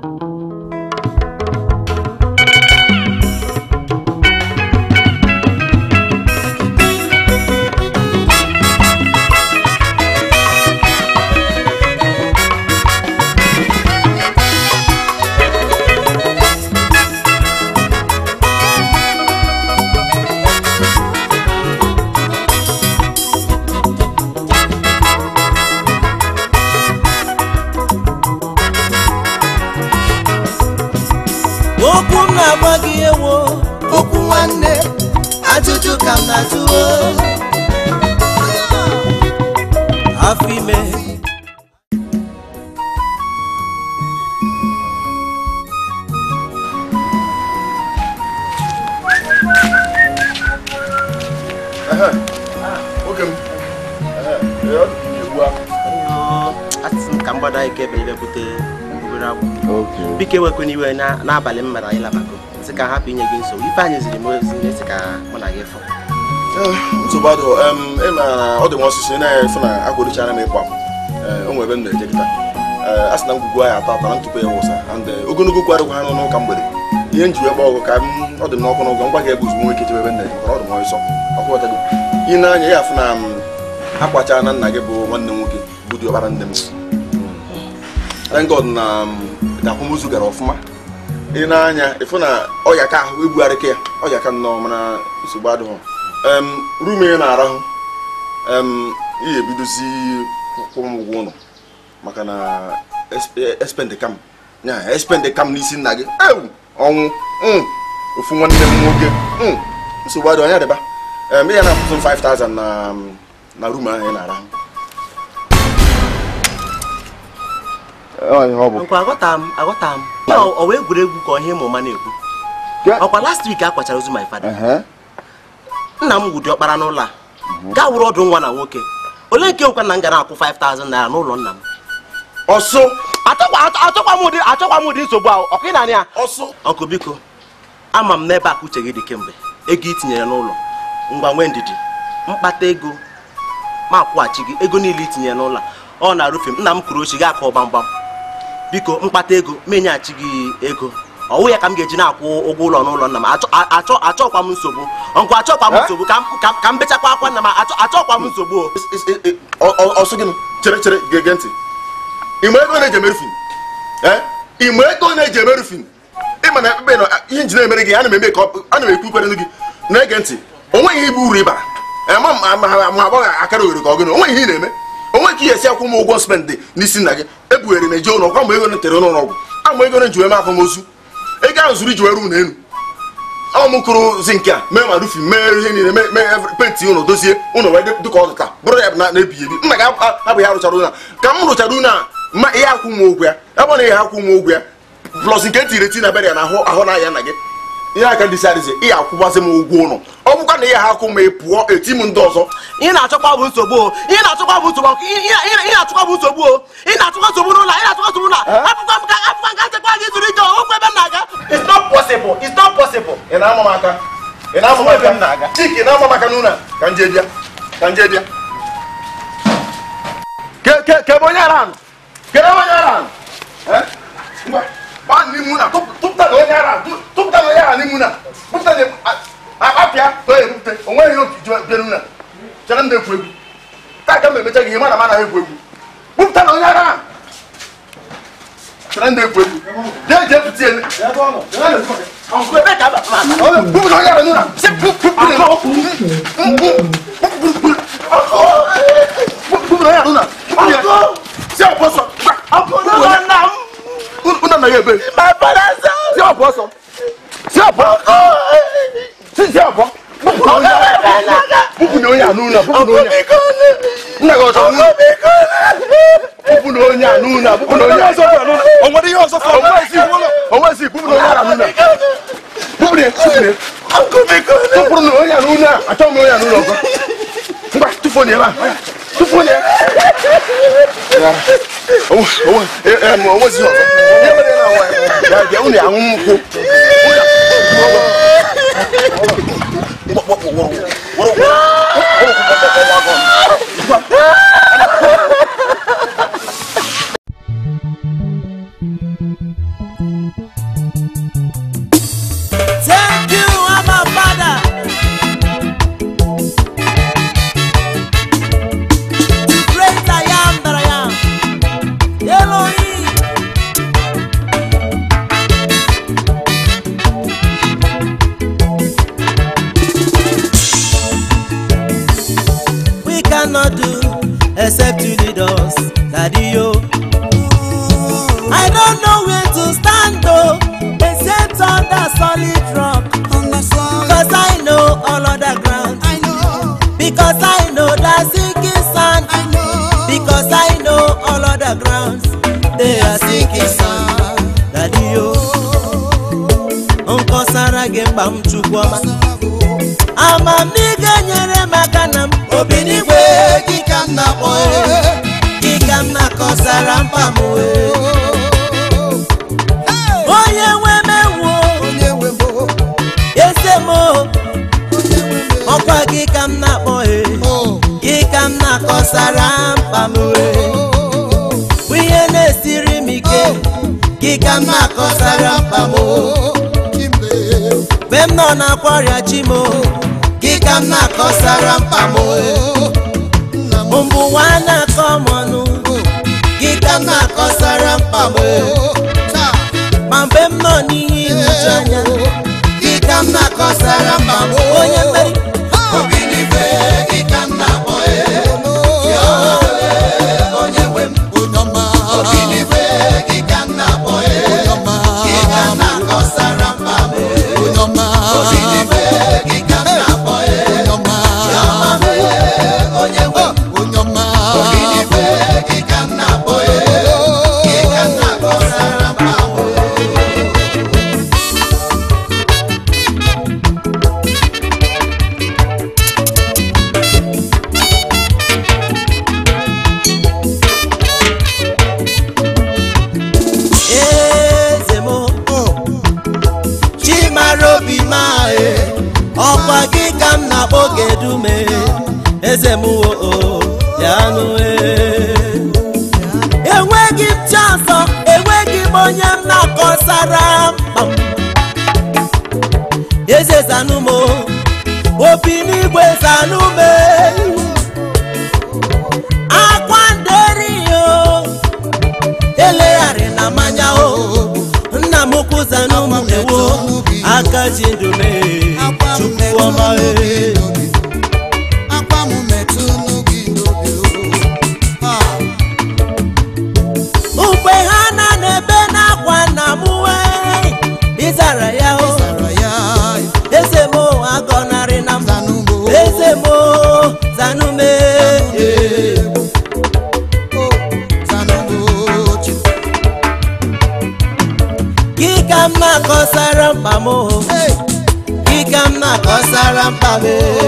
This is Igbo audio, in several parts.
Thank you. na-agba gị ewo okwu nwanne ajụjụ ka m na-ajụwo afọ ime ka mgbada ike ebe ebe bute obere akwụ biko ewekwana iwe n'abalị m mara ịlaba si ka hapụ inye gị nso ife anyị ziri m ozi ihe si ka mụ na gị fọ nsogbu adụ ọ dị m ọsụsụ na-efu na akwụrichara m ịkwa m eh, o nwere ebe m na-eje kịta eh, a sị na ngwugwu atọ atọ na ntụpụ ya wụsa and eh, ogologo kwarụkwa ha n'ụka mgbede ihe njiwe ka ọ dị m n'ọkụ n'ụgwọ ngwa e nwoke jebe ebe gị ọ dị m ọsọ ya afụ na na nna gị bụ nwanne m nwoke bụ dị nne m hmm. gara ọfụma ị n'anya anya ịfụ na ọya ka ahụ egbugharị ka ya ọya ka nnọọ mana nsogbu adịghị rume ị na-arahụ ihe ebidozi kwụrụ m ụgwọ ụlọ maka na espend e, e, kam ya espend kam n'isi nna gị ọnwụ mm. ofu nwanne m nwoke mm. nsogbu adịghị anya dịba ya na-akwụsị m 5000 na rume ahụ ị na-arahụ nkwa aghọta m aghọta m egwuregwu ka ihe ịmụ ma na-ekwu ọkwa last week a kwachara ozu my father nna m wụdị ọkpara n'ụlọ a mhm. gaa wụrụ ọdụ nwa na nwoke ole nke nkwa na m gara akwụ 5000 naira n'ụlọ nna m ọsụ achọkwa m ụdị nsogbu ahụ ọkụ ị na a ọsụ. ọkụ biko ama m n'ebe akụ uche gị dị kemgbe ego itinyere tinyere n'ụlọ ngwa nwee ndidi mkpata ego ma akwụghachi gị ego niile itinyere n'ụlọ ọ na-arụfe m nna m kwuru ochi gị ka ọ gbamgbam biko mkpata ego menyeghachi gị ego ọ wụ ya ka m ga-eji na-akwụ ụgwọ ụlọ n'ụlọ nna m achọkwa m nsogbu nkwa achọkwa m nsogbu ka m bechakwa akwa nna m achọkwa m nsogbu ọsụ gị chere chere gege ntị ịma ego na-eji emerufin ịma ego na-eji emerufin ịma na ekpekpe na ihe nji na-emere gị ana m eme ka ana m ekwu ikwere gị na-ege ntị onweghị nweghị uru ịbara ma agbọghọ akara oghere ka ọ gịnị o ihe ị na-eme onwe ka ihe esi akwụ m ụgwọ spend n'isi nna gị ebughere na eje ụlọ ọgwụ mgbe ego netere n'ụlọ ọgwụ ama ego e e ji wee m ozu ego ahụ zuru iji were ụlọ elu ọ m kụrụzi nke a mee ma rufi mee ihe niile mee penti ụlọ dozie ụlọ wee dịka ọ dịka bụrụ ya na-ebighị ebi nna gị ya arụchara ụna ka m rụchara ụlọ a ma ihe akwụ m ụgwọ ya ebe ọ na ihe akwụ m ụgwọ ya plọs nke ntiri e eti na bere ya na ahụ ahụ na-aya nna gị ihe aka ndị sadizi ị akwụgbazi m ụgwọ ụlọ ọ bụkwa na ihe ha akwụ ma ị e pụọ eti m ndị ọzọ ihe na-achọkwa bụ nsogbu ihe na-achọkwa bụ nsogbu ihe na-achọkwa bụ nsogbu ihe na-achọkwa nsogbu n'ụlọ na-achọkwa nsogbu na akwụkwọ m ka akwụkwọ gị zuru ike okwu ebe m na-aga it's not possible it's not possible ị na-ama m aka ị na-ama m aka m na-aga ị na-ama m aka n'ụlọ ka bịa ka bịa onye ba ni muna tupta lo yara tupta lo yara ni muna tupta de apapia to e rupte onwe yo kijo bienu na chere mbe fuegu ta ka mbe chege ma na ma na fuegu tupta lo yara chere mbe fuegu de je futi ele ya bo no ya le fuke on ko be ka ba ma o bu lo yara nuna se bu bu bu lo bu bu bu bu bu lo yara nuna se o bo so apo na na una na ye be my father so oh, si opo so si opo si si opo buku na oya buku na oya nu na buku na oya nna ka ọsọ nu buku na oya nu na buku na oya ọsọ fún ẹ ọmọ de yẹ ọsọ fún ọmọ esi ọmọ esi buku na oya nu na buku na sukure buku na oya nu na atọ mu na oya nu na ọkọ ngba tufo ni ẹ ba fufu ne ọwọ ọwọ ọwọ si ọfẹ yẹmẹdẹ náà wọ ẹ yà wọ ni àwọn mú kó. di m na-akọsara mkpa m mbụ na-akọ m gị ka na-akọsara mkpa m ma mgbe m nọ n'ihe nhụjuanya na-akọsara mkpa m I'm pavé.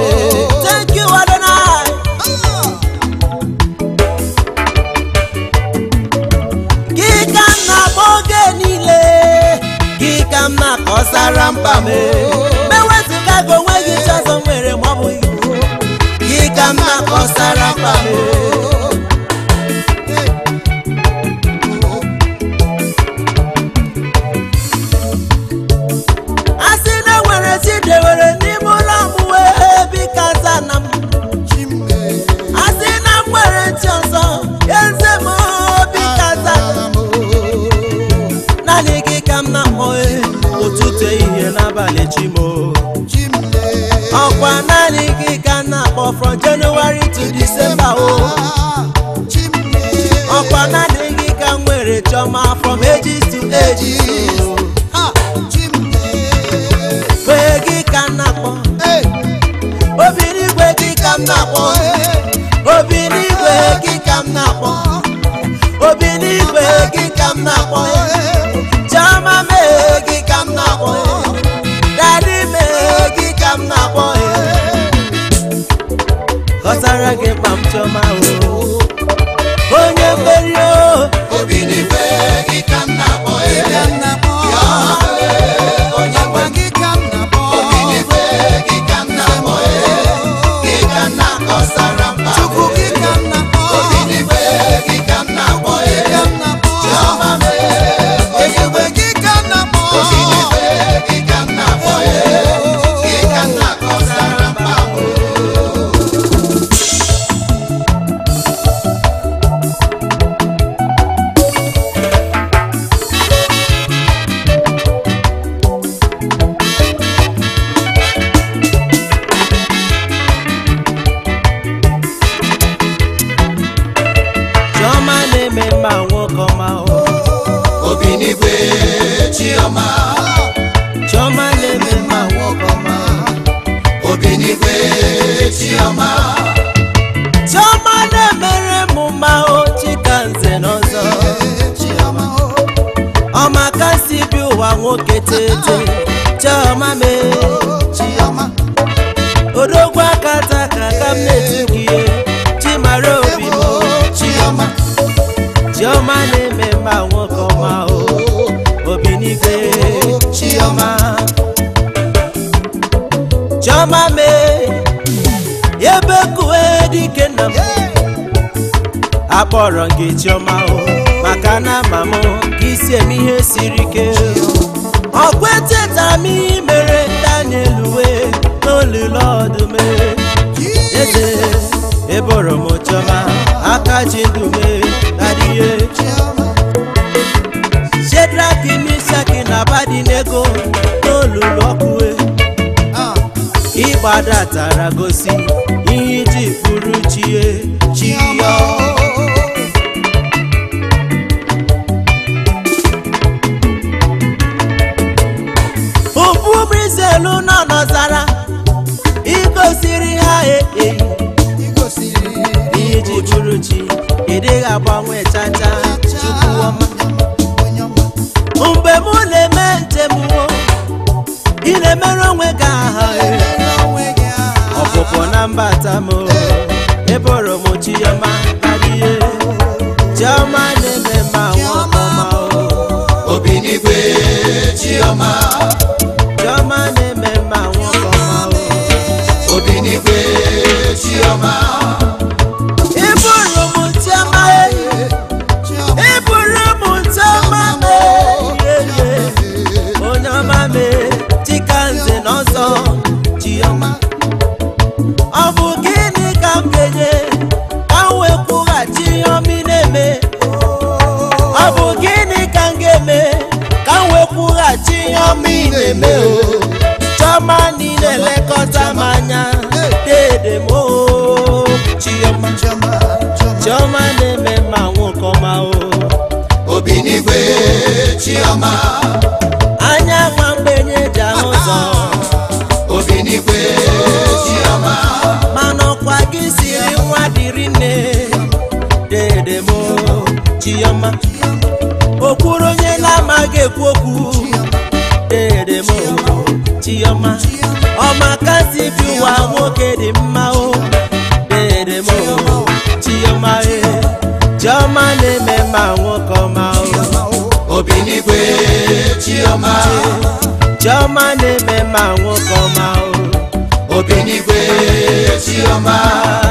chioma mee ebe kuwe dike nna akpọrọ gị chioma o maka na ama m ka isi eme ihe siri ike ọkwa eteta m mere Daniel wee n'olulu ọdụm eze ịbụrụ m chioma aka ji ndụ mee adịghị shedraki misaki n'ego gbadatara gosi ihe iji furu chie chiyọ opuobrizelu nọ n'ọzara igosiri ha ee e. ihe iji furu chi ịdịghị agbanwe chacha bata m eboro m chioma adịghị chioma na-eme ma nwa ọma obi n'igwe chioma chioma na-eme ma nwa ọma obi n'igwe chioma ememe o chama ni nelekọta manya dede mo chioma chioma chioma neme ma nwoke ọma o obi n'igwe chioma anya ma mgbe nye ja ụzọ ah, ah. obi n'igwe chioma mana ọkwa gị siri nwa dịrị nne dede mo chioma okwuru onye na-amaghị ekwu okwu chioma chioma ọma kasị bi ụwa nwoke dị mma o dere m o chioma e chioma na-eme ma nwoke ọma o obi n'igwe chioma chioma na-eme ma nwoke ọma o obi n'igwe chioma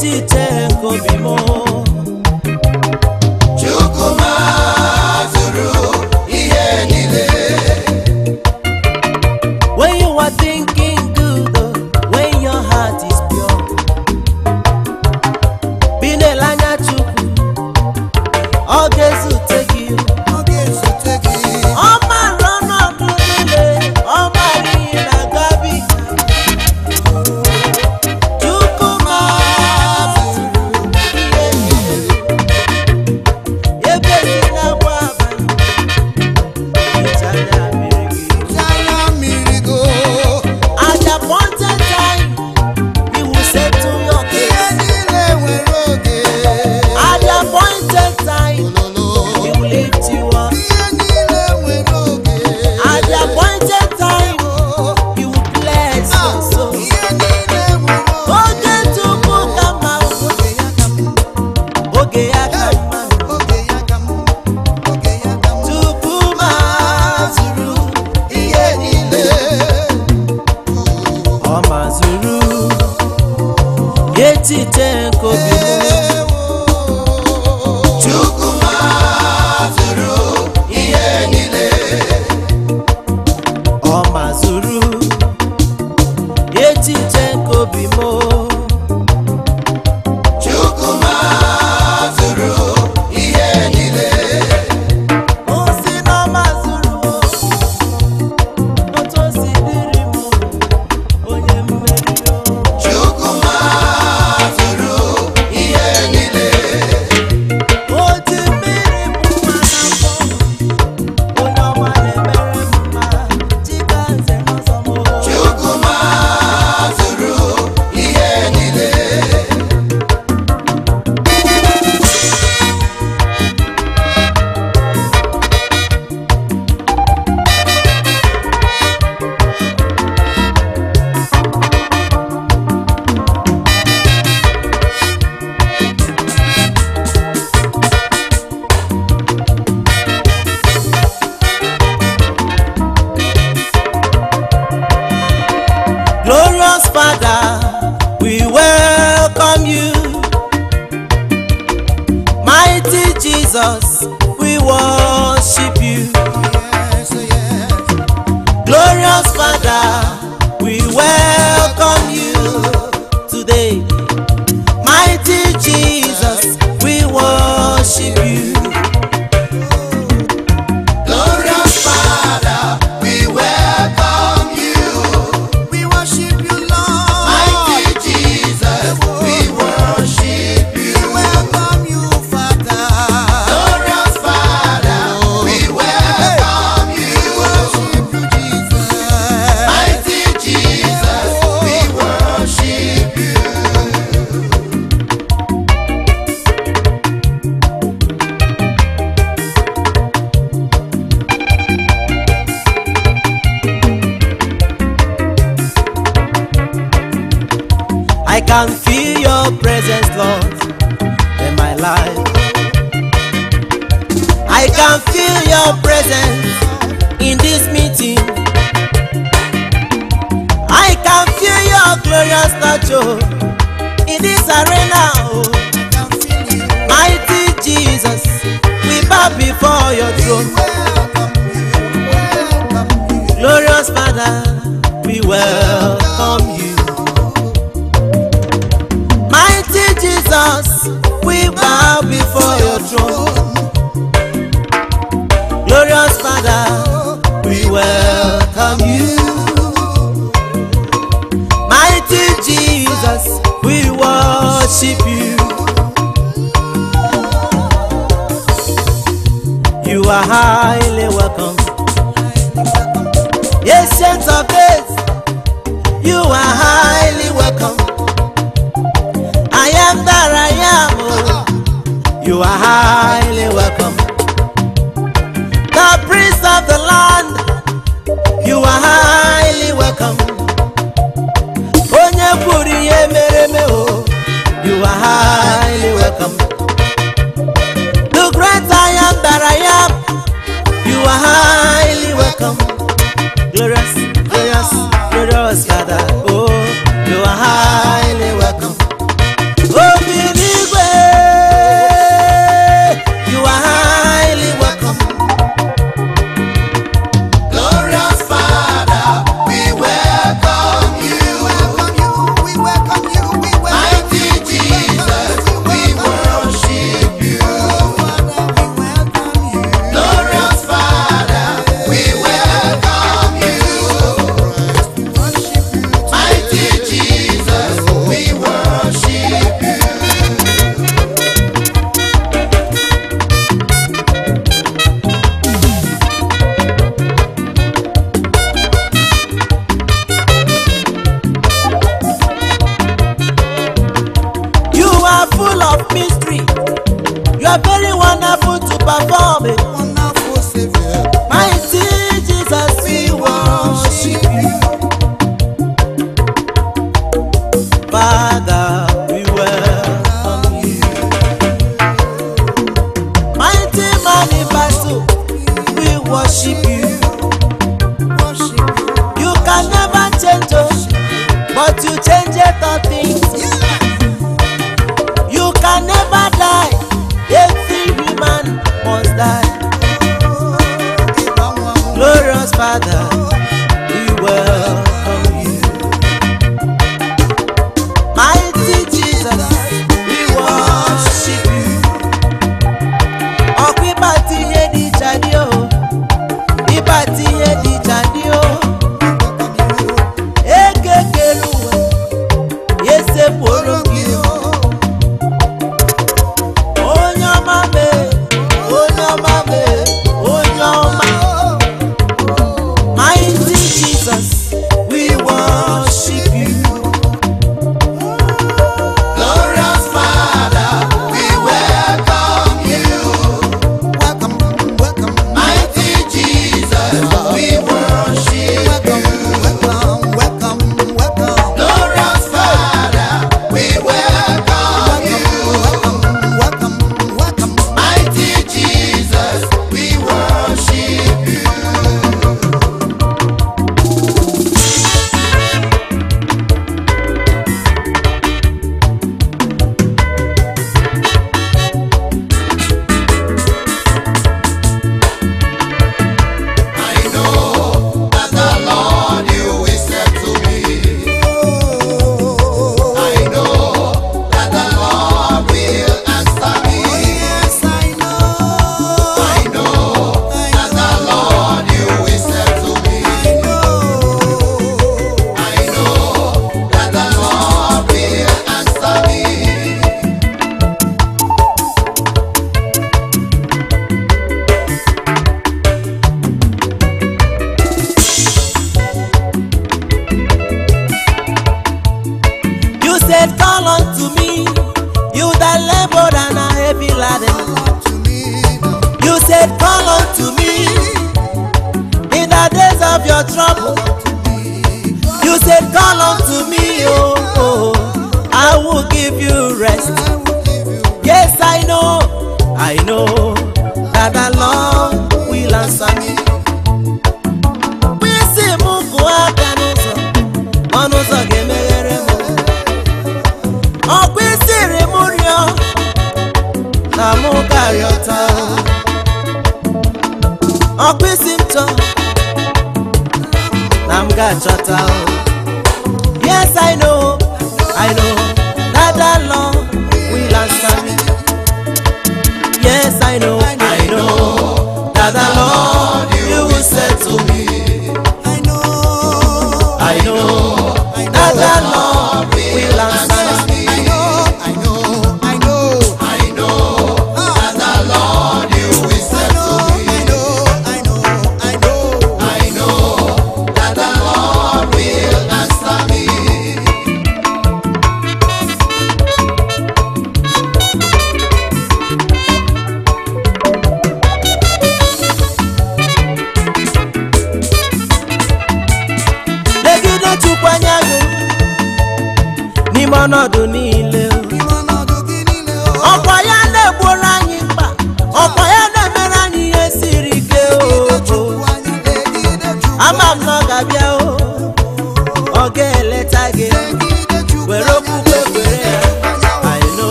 ti tẹ́ kò bímọ. your presence in this meeting. I can feel your glorious touch oh, in this arena. Oh. Mighty Jesus, we bow before your throne. Glorious Father, we welcome you. Mighty Jesus, we bow before your throne. worship you. You are highly welcome. Yes, yes, of this. you are highly welcome. I am that I am. Oh. You are highly welcome. The priest of the land, you are highly welcome. Onye kwuru ihe mere eme o. Oh. you are highly welcome. Look great I am that I am, you are highly welcome. Glorious, glorious, glorious Father. must die.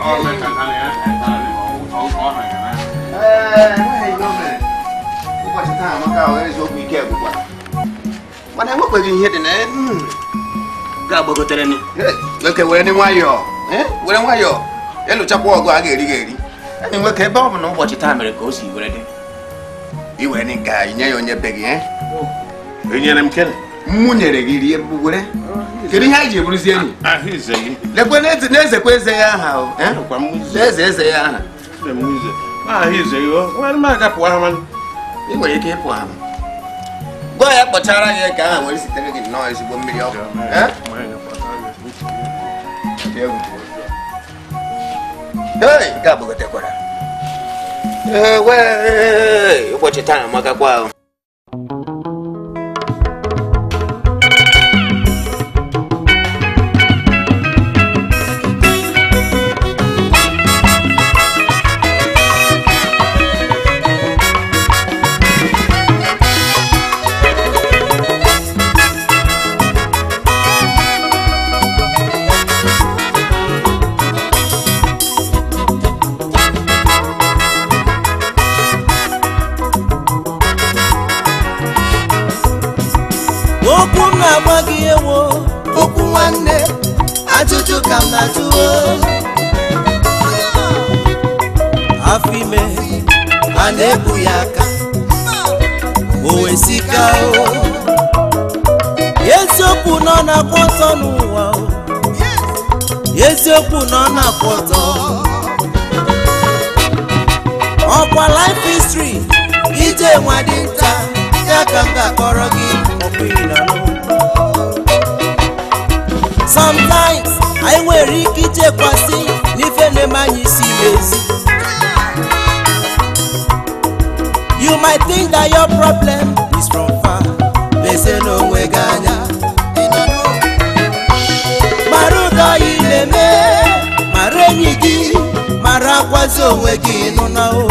哦，咪陳太你啊，陳太你好好講嚟嘅咩？誒，咩嘢咩？我話陳太我教你做幾件嘢，我睇我嗰件嘢咧，嗯，教冇個得你，你佢為你歪咗，誒，為你歪咗，一路執過個阿嘅啲嘅啲，你我佢幫我攞我陳太咪嚟講事嘅咧，以為你教人家用嘢俾嘅，人家唔見。mmụ gị rie were kedu ihe anyị ji eburuzie enyi ah, lekwe na-ezekwa eh? eze ya aha eze eze ya ah, aha ị nwere ike ịpụ aha gwa ya kpọchara ya ka aha were sitere gị nnọọ ezigbo mmiri ọkụ eh? nke a gbagotekwara ụbọchị taa amagakwa ahụ a na-ebu ya aka o wesika o eziokwu nọ na-akpọ ọtọ n'ụwa eziokwu nọ na-akpọ ọkwa life history ije nwa dị nta ya ka m ga-akọrọ gị sometimes anyị nwere ike ichekwasị n'ife na-eme isi You might think that your problem is from far. They say no way, Ganya. Marudo ileme, marenyigi, marakwazo wegi nunao.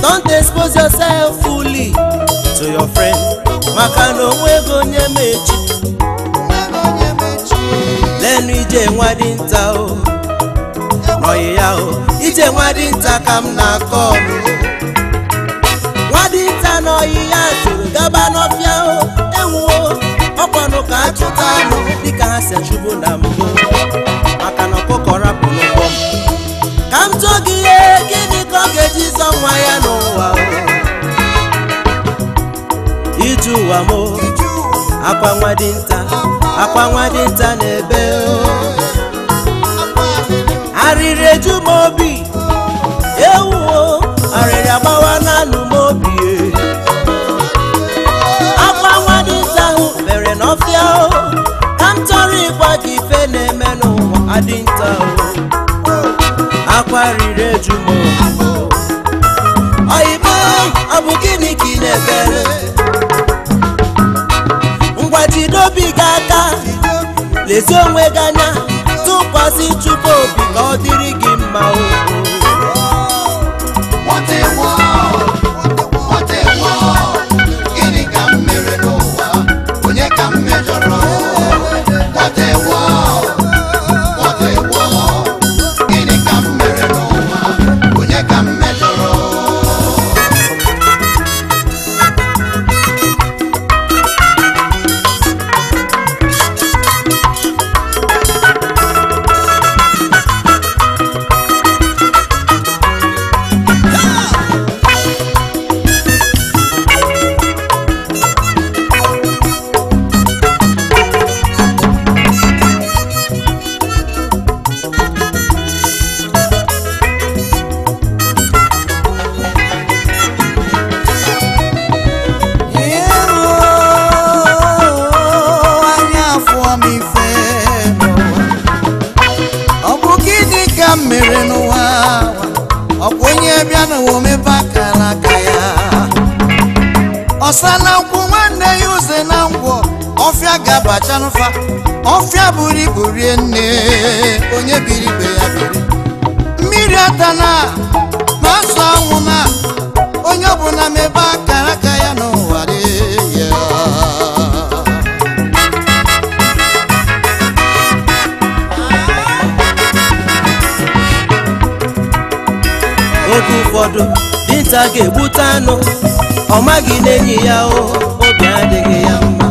Don't expose yourself fully to your friend. Makano wego nyemechi. Lenu ije nwa dinta o. ọyị ya o ije nwadinta ka m na-akọ ọnụ nwadịnta na ọyị ya soro gaba n'ọfịa o ewuo ọkwanụ ka a chụta anụ dịka ha si achụbu na mbụ maka na ọkụkọ rapụ n'ụgbọ m ka m tụọ gị ihe gịnị ka ọ ga-eji zọ nwa ya n'ụwa iji ụwa m akwa nwadịnta akwa nwadịnta na ebe o arịrị eju m obi ewuwo arịrị agbawa n'alụ m obi e. akwa nwa dị nta ahụ mere n'ọfịa ka m chọrọ ịgwa gị ife na-eme n'ụwa adị nta akwa riri eju m oyibo ọ bụ gịnị ka ị na efere ngwa jide obi gị aka lezie onwe gị 到底。onye biri be ya biri mmiri atana ma asụ anwụ na onye ọbụla mebe akara aka ya n'ụwa dị ya oge ụfọdụ dịnta ga-egbute anụ ọ maghị na enyi ya obi adịghị ya mma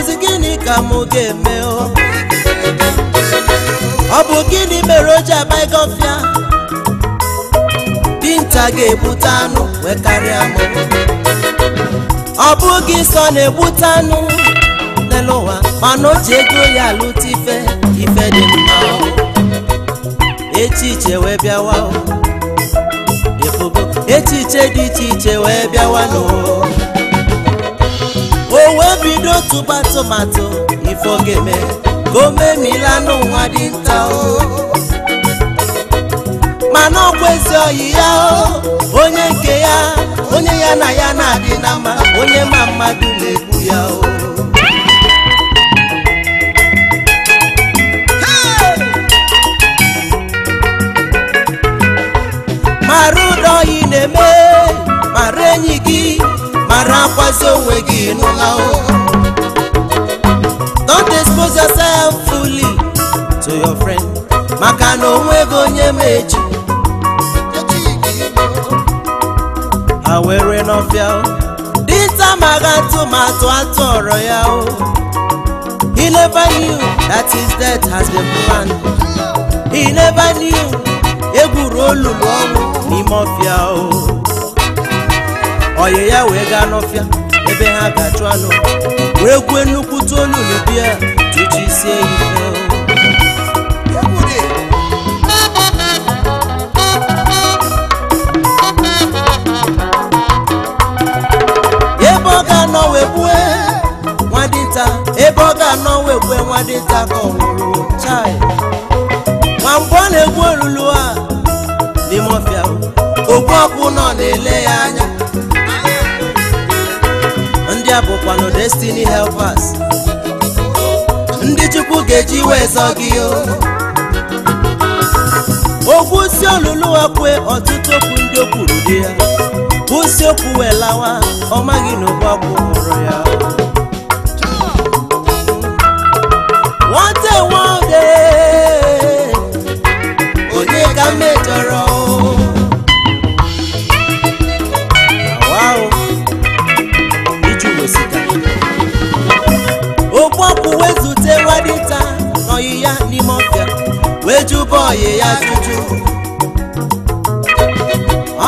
bụzi gịnị ka mụ ga-eme ọ bụ gịnị mere o ji agba gọfịa dinta ga-egbute anụ wee karịa mụ. ọ bụghị sọ na-egbute anụ n'ụwa mana o ji ego ya alụta ife ife dị mma echiche wee bịawa echiche dị iche iche wee bịawa n'ụwa wee bido tụba tomato ifo ga-eme ka o n'ụwa dị nta mana ọkwa ezi oyi ya onye nke ya onye ya na ya na-adị na mma onye ma mmadụ na-egbu ya o marụ ụdọ oyi na-eme na onwe gị n'ụlọ don't expose yourself fully to your friend maka na onweghị onye ma eji ha were n'ọfịa dinta maga atụmatụ atụ ọrọ ya he never knew that his death has been planned he never knew egwuru olulu ọnwụ n'ime ọfịa o oyi ya wee gaa n'ọfịa ebe ha ga-achụ anụ wee gwuo nnukwu tolu n'ubi ya tutu isi ehi ebe ọ ga-anọ nwa nwadịta ka ọ nwụrụ chai ma mgbe ọ na-egbu olulu a m ọfịa ogbu ọkụ nọ na-ele ya anya ndị a bụkwanụ destiny helpers ndị chukwu ga-eji wee zọ gị okwu si olulu ekwe ọtụtụ okwu ndị o kwuru dị ya okwu wee lawa ọ maghị na okwu akwụ ya nwata dịta n'ọyị ya n'ime ọbịa wee jụba ọyị ya jụjụ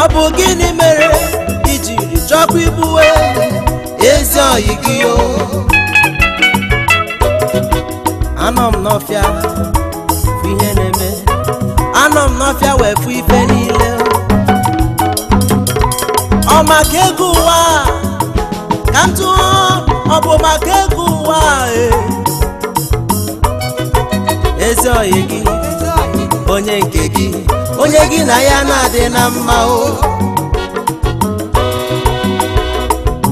ọ bụ gịnị mere ijiri chọkwa ibuwe ezi ọyị gị o anọ m n'ọfịa fụ ihe na-eme anọ m n'ọfịa wee fụ ife niile ọ maka ego ụwa ka m tụọ ọ bụ maka Ịsọyị gị onye nke gị onye gị na ya na-adị na mma o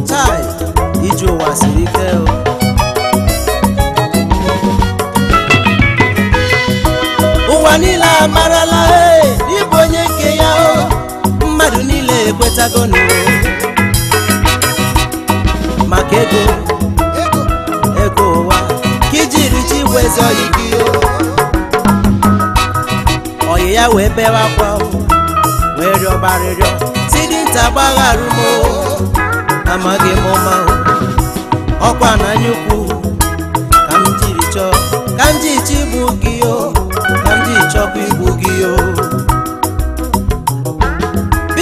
chai iji ụwa siri ike o ụwa niile amarala e ịbụ onye nke ya o mmadụ niile ekwetago n'ụwa ya wee bewe akwa wee rịọbarịrịọ si dinta gbaghara m amaghị m ụma ọkwa na anya ka m jiri chọọ ka m ji chi bụ gị o ka m ji chọkwa igbu gị o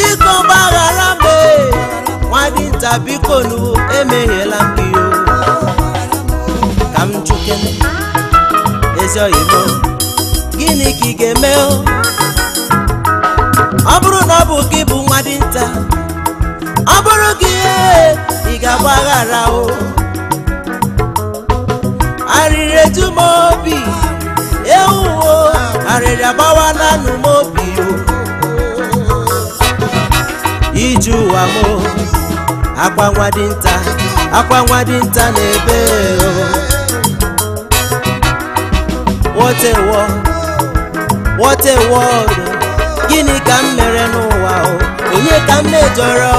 biko gbaghara m e, nwa dinta biko nu emehiela m gị o ka m chụke ezi oyimo gịnị ka ị ga-eme ọ bụrụ na ọ bụ gị bụ nwa dinta ọ bụrụ gị ị ga-agbaghara o arịrị etu m obi ewuwo arịrị agbawa nanụ m obi iji ụwa m akwa nwa dinta akwa nwa dinta na ebe o wọte a gịnị ka m mere n'ụwa onye ka m mejọrọ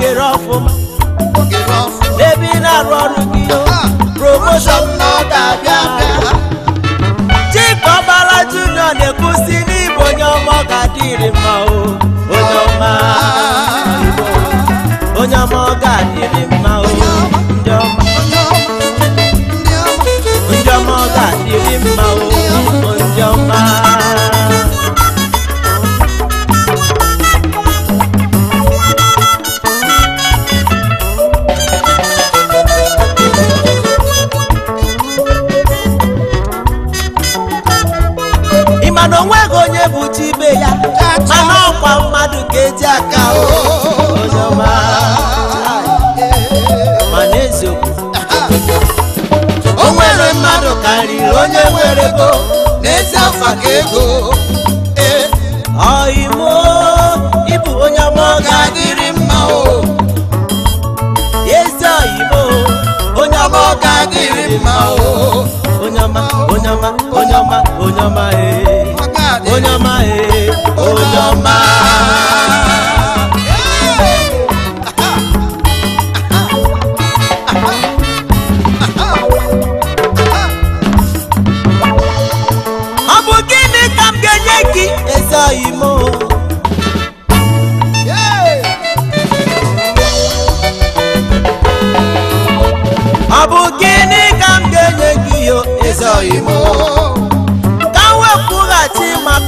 oge rọfụ ebe ị na-arụ ọrụ gị promoshọn na ọ ga-abịa abịa Chikọbala Junior na-ekwusi n'ịbụ onye ọma ọ ga-adịrị mma o onye ọma ah. onye ọma ọ ga-adịrị mma o nwere ego n'ezi afa ka ego ee eh, ọiwo onye ọma ọ ga-adịrị mma o ezi oyibo onye ọma ọ ga-adịrị mma o onye ọma onye ọma onye ọma onye ọma ee eh. onye ọma ee eh, onye ọma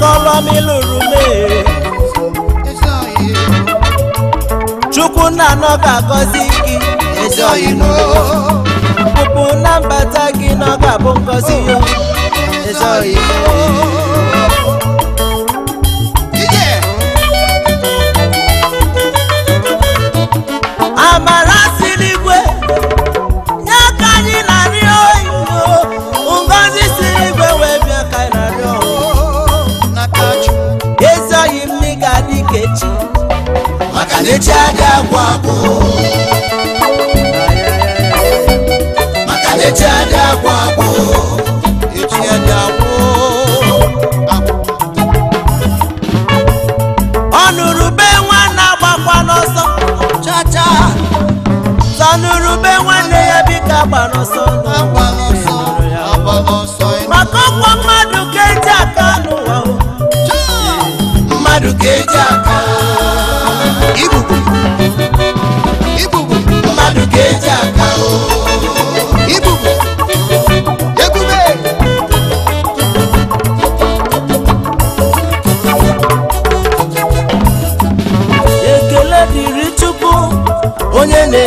Tolani Lurume Chukwuna n'ọga agọzi gị ezoghị n'o Pupu na mbata gị n'ọga bụ ngọzi yo ezoghị n'o maka akwa eche ada akwa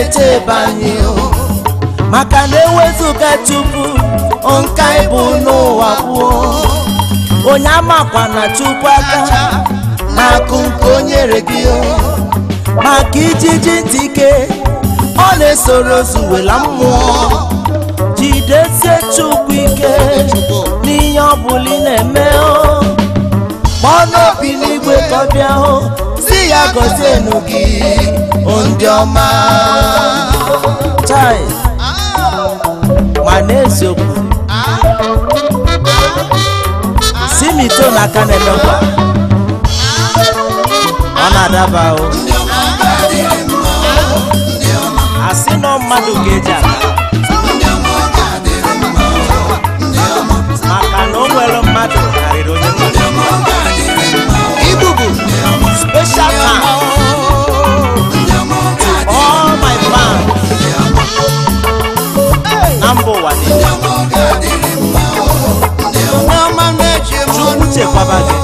na-echebe anyị maka na ewezuga chukwu nka ịbụ n'ụwa kwuo onye amakwa na chukwu aka n'akụ nke o nyere gị maka ijiji ntị ike ọ na-esoro zuwela mmụọ jidesie chukwu ike n'ihe ọ bụla ị na-eme kpọọ n'obi n'igwe ka ọ ya gosi enugi ndị ọma chai ma n'eziokwu si m ito n'aka na-emekwa ọ na-adaba o asị nọ mmadụ ga-eji aka maka na o nwere mmadụ karịrị onye mmadụ 花瓣。